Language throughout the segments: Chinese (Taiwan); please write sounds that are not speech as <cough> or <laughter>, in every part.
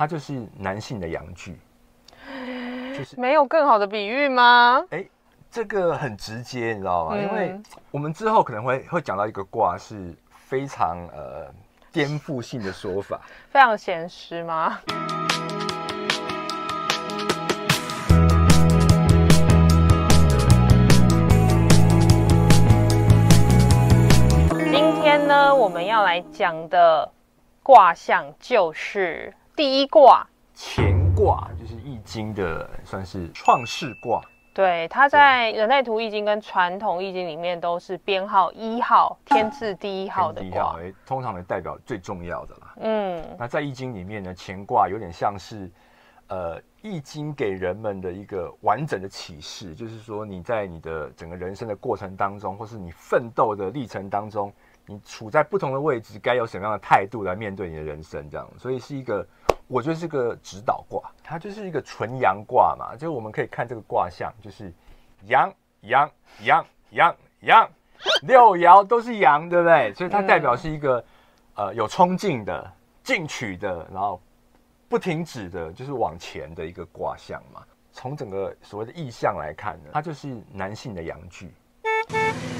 它就是男性的陽具，就是、沒有更好的比喻嗎？哎，這個很直接，你知道嗎？嗯、因為我們之後可能會會講到一個卦是非常呃顛覆性的說法，非常現實嗎？今天呢，我們要來講的卦象就是。第一卦乾卦，就是易經的，算是創世卦。對，它在人類圖易經跟傳統易經裡面都是編號一號，天字第一號的卦。一號通常來代表最重要的啦。嗯，那在易經裡面呢，乾卦有點像是，呃，易經給人們的一個完整的啟示，就是說你在你的整個人生的過程當中，或是你奮鬥的歷程當中。你處在不同的位置，該有什麼樣的態度來面對你的人生？這樣，所以是一個，我覺得是個指導卦，它就是一個純陽卦嘛，就我們可以看這個卦象，就是陽、陽、陽、陽、陽，六爻都是陽，對不對？所以它代表是一個，呃，有衝勁的、進取的，然後不停止的，就是往前的一個卦象嘛。從整個所謂的意象來看呢，它就是男性的陽具。 <noise>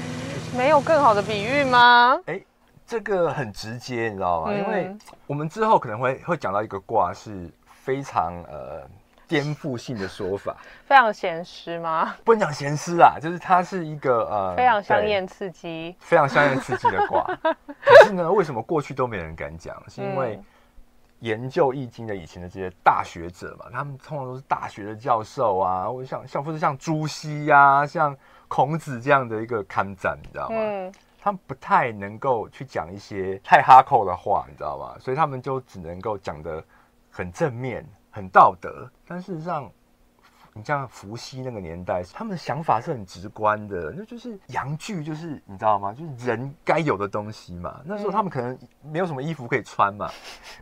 沒有更好的比喻嗎、嗯？這個很直接，你知道嗎、嗯、因為我們之後可能會會講到一個卦是非常呃顛覆性的說法，非常鹹濕嗎？不能講鹹濕啊，就是它是一個呃非常香艷刺激、非常香艷刺激的卦。 <laughs> 可是呢，為什麼過去都沒人敢講？是因為研究易經的以前的這些大學者嘛，他們通常都是大學的教授啊，或者像、像或者像朱熹呀、啊，像。孔子這樣的一個抗戰，你知道嗎？嗯，他們不太能夠去講一些太哈扣的話，你知道嗎？所以他們就只能夠講得很正面、很道德，但事實上。你像伏羲那個年代，他們的想法是很直觀的，那就是陽具，就是你知道嗎？就是人該有的東西嘛。那時候他們可能沒有什麼衣服可以穿嘛，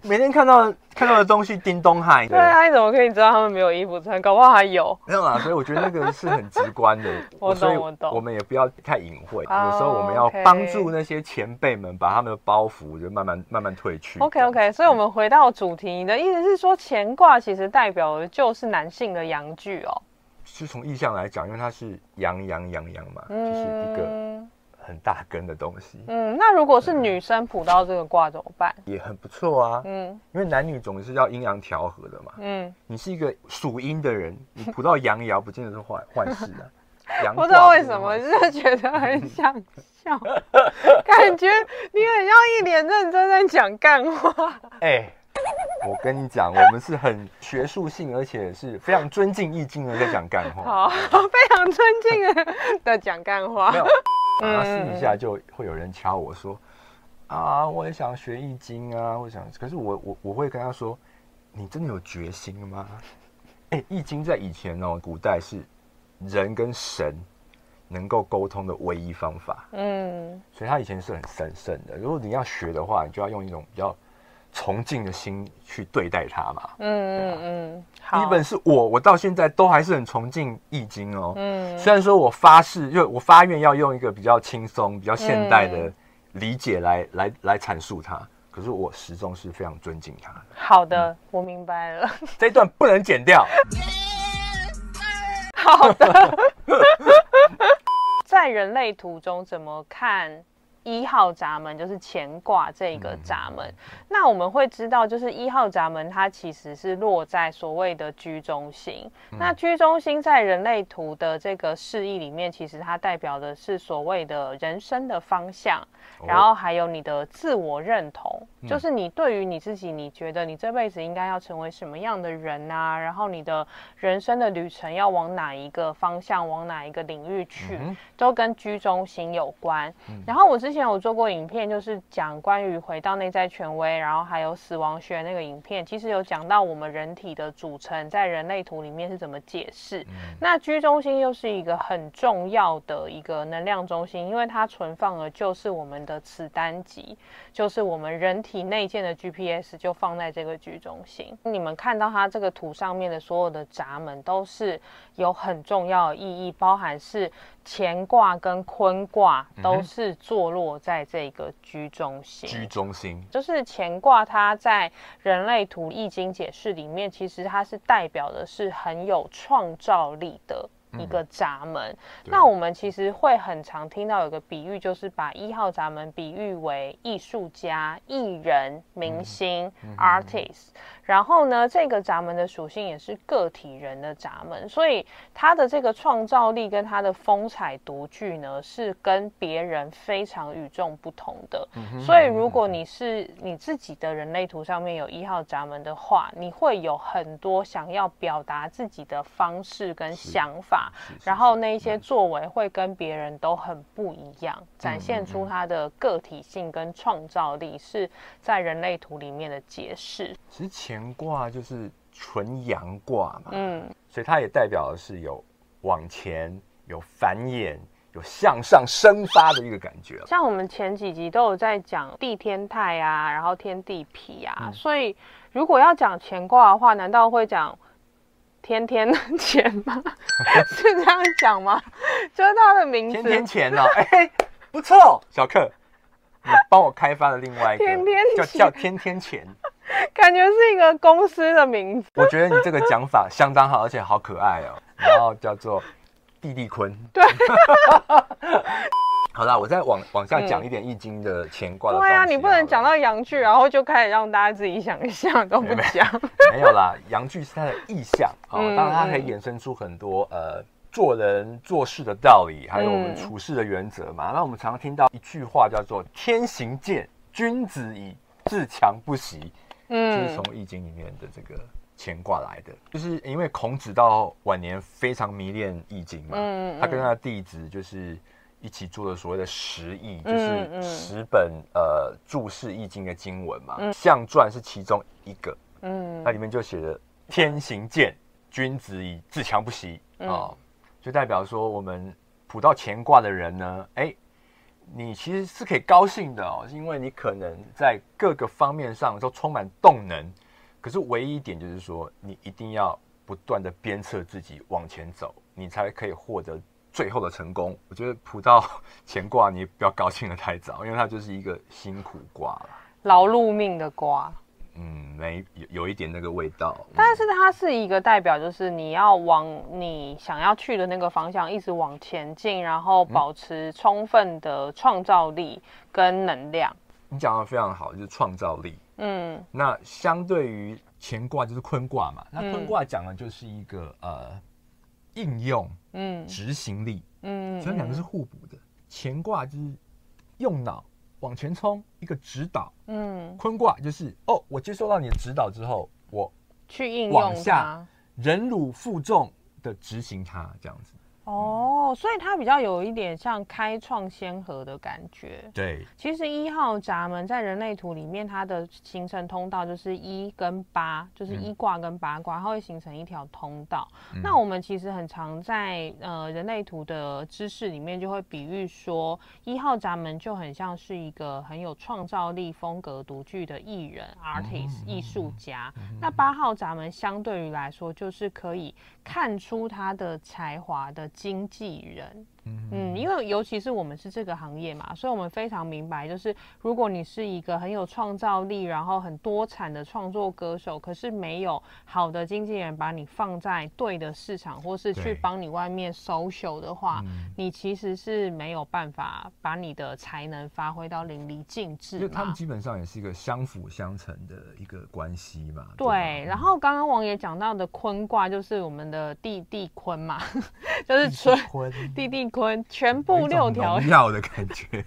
每天看到看到的東西叮咚嗨，對啊，你怎麼可以知道他們沒有衣服穿？搞不好還有。沒有啦，所以我覺得那個是很直觀的， <laughs> 我懂，我懂。所以我們也不要太隱晦，好有時候我們要幫助那些前輩們把他們的包袱就慢慢慢慢褪去。OK OK，所以我們回到主題，嗯、你的意思是說乾卦其實代表的就是男性的陽具。哦，是從意象來講，因為它是陽陽陽陽，陽嘛，嗯、就是一個很大根的東西。嗯，那如果是女生卜到這個卦怎麼辦？嗯、也很不錯啊，嗯，因為男女總是要陰陽調和的嘛，嗯，你是一個屬陰的人，你卜到陽爻不見得是壞壞 <laughs> 事，啊，的。不知道為什麼，就是覺得很想笑， <laughs> 感覺你很像一臉認真在講幹話。哎，欸。我跟你講，我們是很學術性，而且是非常尊敬易經的在講幹話。好，吧非常尊敬的講幹 <laughs> 話。然後私底下就會有人敲我說：“啊，我也想學易經啊，我想。”可是我我我會跟他說：“你真的有決心嗎？”哎、欸，易經在以前哦、喔，古代是人跟神能夠溝通的唯一方法。嗯，所以他以前是很神聖的。如果你要學的話，你就要用一種比較。崇敬的心去對待它嘛，嗯嗯嗯，一本、啊嗯、是我，我到現在都還是很崇敬《易經》哦，嗯，雖然說我發誓，就我發願要用一個比較輕鬆、比較現代的理解來、嗯、來來闡述它，可是我始終是非常尊敬它。好的，嗯、我明白了，這一段不能剪掉。 <laughs> 好的， <laughs> <laughs> 在人類圖中怎麼看？一號閘門就是乾卦這個閘門，嗯、那我們會知道，就是一號閘門它其實是落在所謂的 G 中心。嗯、那 G 中心在人類圖的這個示意裡面，其實它代表的是所謂的人生的方向，哦、然後還有你的自我認同，嗯、就是你對於你自己，你覺得你這輩子應該要成為什麼樣的人啊？然後你的人生的旅程要往哪一個方向，往哪一個領域去，嗯、都跟 G 中心有關。嗯、然後我之前。前有做過影片，就是講關於回到內在權威，然後還有死亡學那個影片，其實有講到我們人體的組成，在人類圖裡面是怎麼解釋。嗯、那 G 中心又是一個很重要的一個能量中心，因為它存放的就是我們的磁單極，就是我們人體內建的 GPS，就放在這個 G 中心。你們看到它這個圖上面的所有的閘門，都是有很重要的意義，包含是。乾卦跟坤卦都是坐落在這個 G 中心。G 中心，就是乾卦，它在人類圖易經解釋裡面，其實它是代表的是很有創造力的。一個閘門，嗯、那我們其實會很常聽到有個比喻，就是把一號閘門比喻為藝術家、藝人、明星、嗯嗯、（artist）。然後呢，這個閘門的屬性也是個體人的閘門，所以它的這個創造力跟它的風采獨具呢，是跟別人非常與眾不同的。嗯、哼所以，如果你是你自己的人類圖上面有一號閘門的話，你會有很多想要表達自己的方式跟想法。是是是，然後那一些作為會跟別人都很不一樣，嗯、展現出他的個體性跟創造力，是在人類圖裡面的解釋。其實乾卦就是純陽卦嘛，嗯，所以它也代表的是有往前、有繁衍、有向上生發的一個感覺。像我們前幾集都有在講地天泰啊，然後天地否啊，嗯、所以如果要講乾卦的話，難道會講？天天乾嗎？ <laughs> 是這樣講嗎？就是他的名字。天天乾哦、啊，哎、欸，不錯，小克，你幫我開發了另外一個天天叫叫天天乾，感覺是一個公司的名字。我覺得你這個講法相當好，而且好可愛哦。然後叫做弟弟坤。對。 <laughs> 好啦，我再往往下講一點易經的乾卦的關、嗯、對呀、啊，你不能講到陽具，然後就開始讓大家自己想一想。都不講。沒有啦，陽具是他的意象啊，哦嗯、當然他可以衍生出很多呃做人做事的道理，還有我們處事的原則嘛。嗯、那我們常常聽到一句話叫做“天行健，君子以自強不息”，嗯，就是從易經裡面的這個乾卦來的，就是因為孔子到晚年非常迷戀易經嘛，嗯嗯、他跟他的弟子就是。一起做的所謂的十翼就是十本、嗯嗯、呃註釋易經的經文嘛，象傳、嗯、是其中一個，嗯，它裡面就寫着“天行健，君子以自強不息”啊、嗯哦，就代表說我們卜到乾卦的人呢，哎、欸，你其實是可以高興的哦，是因為你可能在各個方面上都充滿動能，可是唯一一點就是說，你一定要不斷的鞭策自己往前走，你才可以獲得最後的成功，我覺得卜到乾卦，你也不要高興得太早，因為它就是一個辛苦卦，勞碌命的卦。嗯，沒有有一點那個味道，但是它是一個代表，就是你要往你想要去的那個方向一直往前進，然後保持充分的創造力跟能量。嗯，你講的非常好，就是創造力。嗯，那相對於乾卦就是坤卦嘛，嗯，那坤卦講的就是一個呃應用。嗯，執行力，嗯，所以兩個是互補的。乾卦，嗯，就是用腦往前衝，一個指導，嗯，坤卦就是哦，我接受到你的指導之後，我去應用，往下，忍辱負重的執行它，這樣子。哦，oh, 嗯、所以它比較有一點像開創先河的感覺。對，其實一號閘門在人類圖裡面，它的形成通道就是一跟八，就是一卦跟八卦，它會形成一條通道。嗯、那我們其實很常在呃人類圖的知識裡面，就會比喻說一號閘門就很像是一個很有創造力、風格獨具的藝人、artist 嗯、藝術家。嗯、那八號閘門相對於來說，就是可以看出他的才華的經紀人。嗯，因為尤其是我們是這個行業嘛，所以我們非常明白，就是如果你是一個很有創造力，然後很多產的創作歌手，可是沒有好的經紀人把你放在對的市場，或是去幫你外面 social 的話，對你其實是沒有辦法把你的才能發揮到淋漓盡致。因為他們基本上也是一個相輔相成的一個關係嘛。對，對，然後剛剛王爺講到的坤卦就是我們的地地坤嘛，坤 <laughs> 就是春坤，地地，地。全部六條爻的感覺，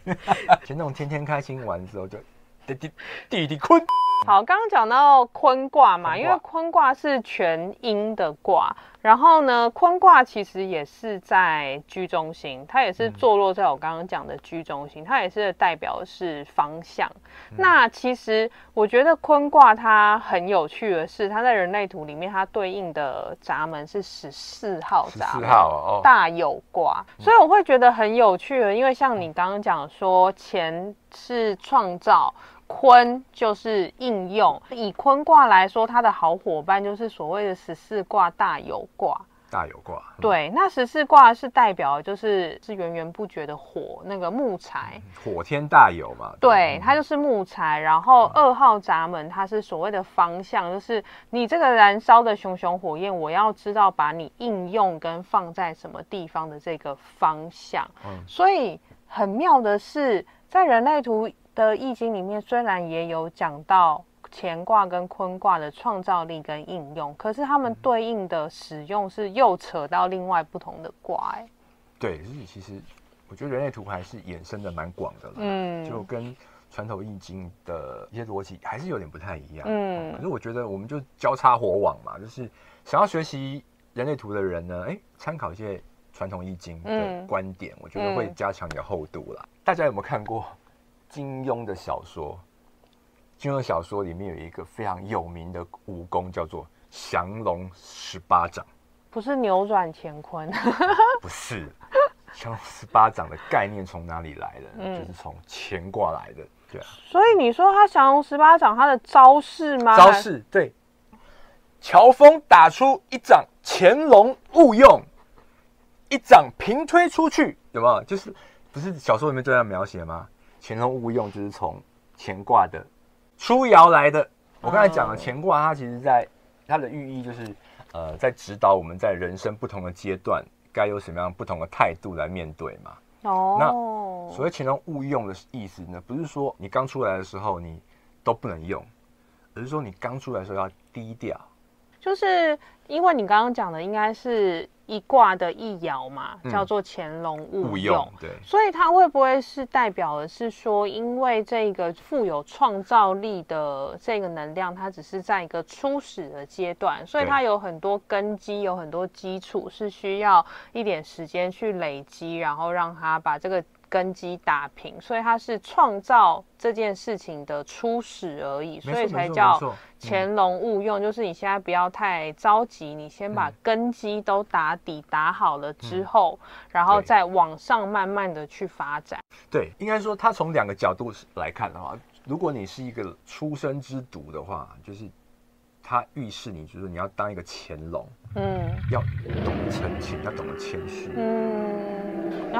就那種天天開心玩之後，就地地地地坤。好，剛剛講到坤卦嘛，坤卦因為坤卦是全陰的卦，然後呢，坤卦其實也是在 G 中心，它也是坐落在我剛剛講的 G 中心，嗯、它也是代表的是方向。嗯、那其實我覺得坤卦它很有趣的是，它在人類圖裡面它對應的閘門是十四號閘門，14號哦哦大有卦，嗯、所以我會覺得很有趣的，因為像你剛剛講說乾是創造。坤就是應用，以坤卦來說，它的好夥伴就是所謂的十四卦大有卦。大有卦，嗯、對，那十四卦是代表就是是源源不絕的火，那個木材。火天大有嘛，對，嗯、它就是木材。然後二號閘門，它是所謂的方向，啊、就是你這個燃燒的熊熊火焰，我要知道把你應用跟放在什麼地方的這個方向。嗯，所以很妙的是在人類圖的易經裡面雖然也有講到乾卦、跟坤卦的創造力跟應用，可是他們對應的使用是又扯到另外不同的卦，欸。對，就是其實我覺得人類圖還是衍生的蠻廣的啦。嗯，就跟傳統易經的一些邏輯還是有點不太一樣，嗯。嗯嗯，可是我覺得我們就交叉火網嘛，就是想要學習人類圖的人呢，哎、欸，參考一些傳統易經的觀點，嗯、我覺得會加強你的厚度啦。嗯嗯、大家有沒有看過？金庸的小說，金庸小說裡面有一個非常有名的武功，叫做降龍十八掌。不是扭轉乾坤 <laughs> 、啊？不是。降龍十八掌的概念從哪裡來的？嗯、就是從乾卦來的。對、啊、所以你說他降龍十八掌，他的招式嗎？招式對。喬峰打出一掌，潛龍勿用；一掌平推出去，有沒有？就是不是小說裡面這樣描寫嗎？潛龍勿用，就是從乾卦的初爻來的。我剛才講了，乾卦它其實在它的寓意就是，呃，在指導我們在人生不同的階段該有什麼樣不同的態度來面對嘛。哦，那所謂潛龍勿用的意思呢，不是說你剛出來的時候你都不能用，而是說你剛出來的時候要低調，就是。因為你剛剛講的應該是一卦的一爻嘛，叫做潛龍勿用，嗯、勿用，對，所以它會不會是代表的是說，因為這個富有創造力的這個能量，它只是在一個初始的階段，所以它有很多根基，對有很多基礎，是需要一點時間去累積，然後讓它把這個。根基打平，所以它是創造這件事情的初始而已，沒錯，所以才叫潛龍勿用，嗯、就是你現在不要太着急，嗯、你先把根基都打底打好了之後，嗯、然後再往上慢慢的去發展。對，應該說他從兩個角度來看的、啊、話，如果你是一個出生之毒的話，就是他預示你就是你要當一個潛龍，嗯要，要懂得澄清，要懂得謙虛，嗯。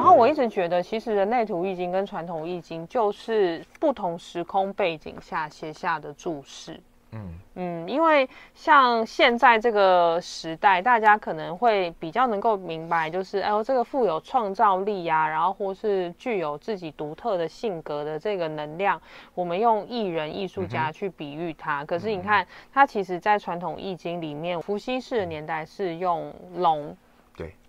然後我一直覺得，其實人類圖易經跟傳統易經就是不同時空背景下寫下的註釋。嗯嗯，因為像現在這個時代，大家可能會比較能夠明白，就是哎呦，這個富有創造力呀、啊，然後或是具有自己獨特的性格的這個能量，我們用藝人、藝術家去比喻它。嗯、哼可是你看，它其實在傳統易經裡面，伏羲氏的年代是用龍。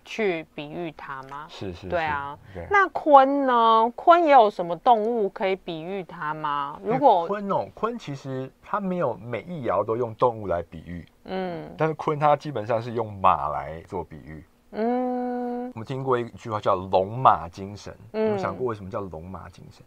去比喻它嗎？是是,是，對啊。對那坤呢？坤也有什麼動物可以比喻它嗎？如果坤哦，坤其實它沒有每一爻都用動物來比喻。嗯，但是坤它基本上是用馬來做比喻。嗯，我們聽過一句話叫“龍馬精神”，有、嗯、想過為什麼叫“龍馬精神”？